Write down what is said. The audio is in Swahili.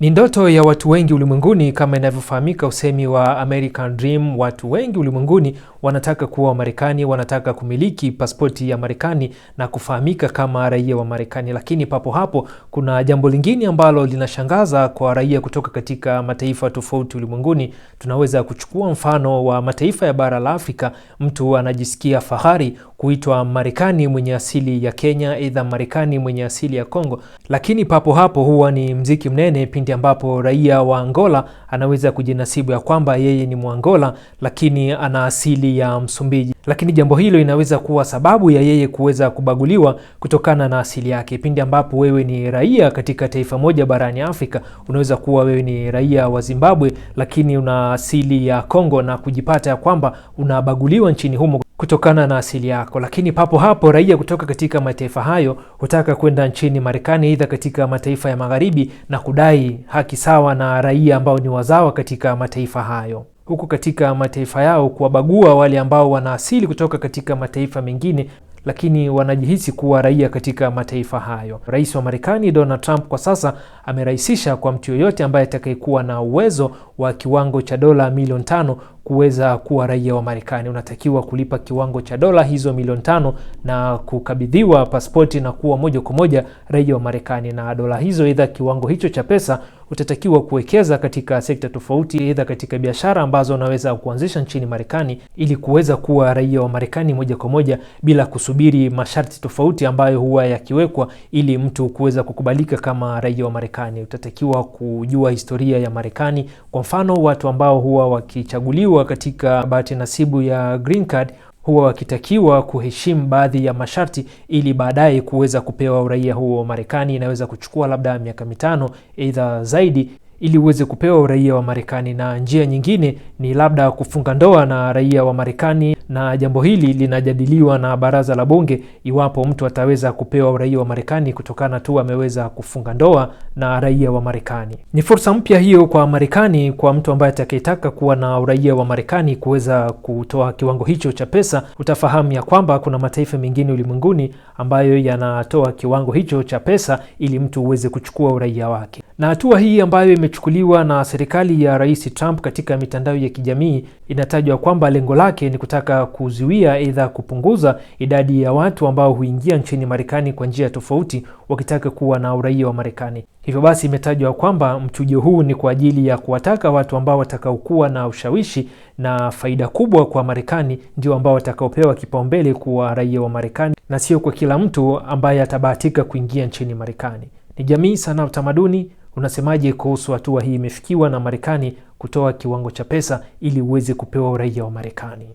Ni ndoto ya watu wengi ulimwenguni kama inavyofahamika usemi wa American Dream. Watu wengi ulimwenguni wanataka kuwa Wamarekani, wanataka kumiliki paspoti ya Marekani na kufahamika kama raia wa Marekani. Lakini papo hapo kuna jambo lingine ambalo linashangaza kwa raia kutoka katika mataifa tofauti ulimwenguni. Tunaweza kuchukua mfano wa mataifa ya bara la Afrika. Mtu anajisikia fahari kuitwa Marekani mwenye asili ya Kenya, aidha Marekani mwenye asili ya Kongo, lakini papo hapo huwa ni mziki mnene pindi pindi ambapo raia wa Angola anaweza kujinasibu ya kwamba yeye ni Mwangola lakini ana asili ya Msumbiji, lakini jambo hilo inaweza kuwa sababu ya yeye kuweza kubaguliwa kutokana na asili yake. Pindi ambapo wewe ni raia katika taifa moja barani Afrika, unaweza kuwa wewe ni raia wa Zimbabwe lakini una asili ya Kongo na kujipata ya kwamba unabaguliwa nchini humo kutokana na asili yako. Lakini papo hapo raia kutoka katika mataifa hayo hutaka kwenda nchini Marekani, aidha katika mataifa ya magharibi na kudai haki sawa na raia ambao ni wazawa katika mataifa hayo, huku katika mataifa yao kuwabagua wale ambao wana asili kutoka katika mataifa mengine lakini wanajihisi kuwa raia katika mataifa hayo. Rais wa Marekani Donald Trump kwa sasa amerahisisha kwa mtu yoyote ambaye atakayekuwa na uwezo wa kiwango cha dola milioni tano kuweza kuwa raia wa Marekani. Unatakiwa kulipa kiwango cha dola hizo milioni tano na kukabidhiwa pasipoti na kuwa moja kwa moja raia wa Marekani, na dola hizo, aidha kiwango hicho cha pesa utatakiwa kuwekeza katika sekta tofauti, aidha katika biashara ambazo unaweza kuanzisha nchini Marekani ili kuweza kuwa raia wa Marekani moja kwa moja bila kusubiri masharti tofauti ambayo huwa yakiwekwa ili mtu kuweza kukubalika kama raia wa Marekani. Utatakiwa kujua historia ya Marekani. Kwa mfano, watu ambao huwa wakichaguliwa katika bahati nasibu ya green card huwa wakitakiwa kuheshimu baadhi ya masharti ili baadaye kuweza kupewa uraia huo wa Marekani. Inaweza kuchukua labda miaka mitano aidha zaidi ili uweze kupewa uraia wa Marekani. Na njia nyingine ni labda kufunga ndoa na raia wa Marekani na jambo hili linajadiliwa na baraza la bunge iwapo mtu ataweza kupewa uraia wa Marekani kutokana tu ameweza kufunga ndoa na raia wa Marekani. Ni fursa mpya hiyo kwa Marekani, kwa mtu ambaye atakayetaka kuwa na uraia wa Marekani kuweza kutoa kiwango hicho cha pesa. Utafahamu ya kwamba kuna mataifa mengine ulimwenguni ambayo yanatoa kiwango hicho cha pesa ili mtu uweze kuchukua uraia wake, na hatua hii ambayo imechukuliwa na serikali ya Rais Trump katika mitandao ya kijamii inatajwa kwamba lengo lake ni kutaka kuzuia aidha kupunguza idadi ya watu ambao huingia nchini Marekani kwa njia tofauti wakitaka kuwa na uraia wa Marekani. Hivyo basi, imetajwa kwamba mchujo huu ni kwa ajili ya kuwataka watu ambao watakaokuwa na ushawishi na faida kubwa kwa Marekani ndio ambao watakaopewa kipaumbele kuwa raia wa Marekani na sio kwa kila mtu ambaye atabahatika kuingia nchini Marekani. Ni jamii sana utamaduni Unasemaje kuhusu hatua hii imefikiwa na Marekani kutoa kiwango cha pesa ili uweze kupewa uraia wa Marekani?